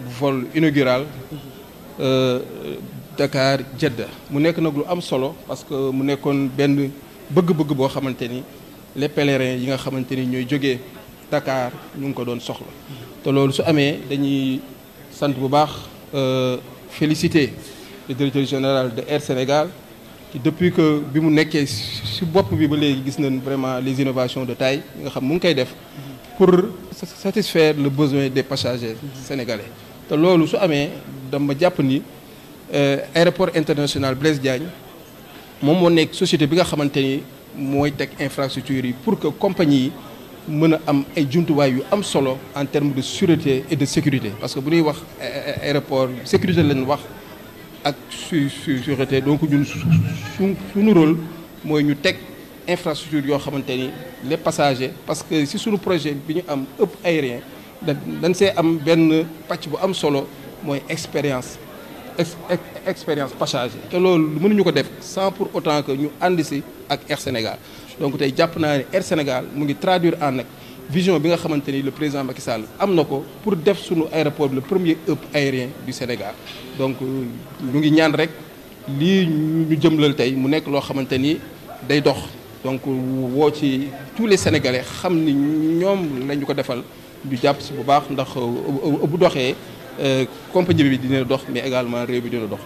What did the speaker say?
vol inaugural euh, Dakar Jeddah mu nekk nag lu am solo parce que mu nekkoon benn bëgg-bëgg boo xamante ni les pèlerins yi nga xamante ni ñooy jóge Dakar ñu ngi ko doon soxla te loolu su amee dañuy sant bu baax euh, féliciter le directeur général de Air Sénégal depuis que bi mu nekkee si bopp bi ba léegi gis nañ vraiment les innovations de taille yi nga xam mu ngi koy def pour satisfaire le besoin des passagers sénégalais te loolu su amee dama jàpp ni euh, aéroport international Blaise Diagne moom moo nekk société bi nga xamante ni mooy teg infrastructure yi pour que compagnie yi mën a am ay jumtuwaay yu am solo en termes de sûreté et de sécurité parce que bu ñuy wax euh, euh, aéroport sécurité lañ wax ak su sûreté donc ñun suñu rôle mooy ñu teg infrastructure yoo xamante ni les passagers parce que si suñu projet bi ñu am ëpp aérien da dañ see am benn pàcc bu am solo mooy expérience expérience passager te loolu mënuñu ko def sans pour autant que ñu ànd si ak Air Sénégal donc tey jàpp naa ne Air Sénégal mu ngi traduire en nag vision bi nga xamante ni le président Macky Sall am na ko pour def suñu aéroport le premier hub aérien du Sénégal donc mu euh, ngi ñaan rek lii ñu jëmlal tey mu nekk loo xamante ni day dox donc woo ci tous les sénégalais xam ni ñoom lañu ko defal ñu jàpp si bu baax ndax euh, bu doxee euh, compagnie bi dina dox mais également réew bi dina dox.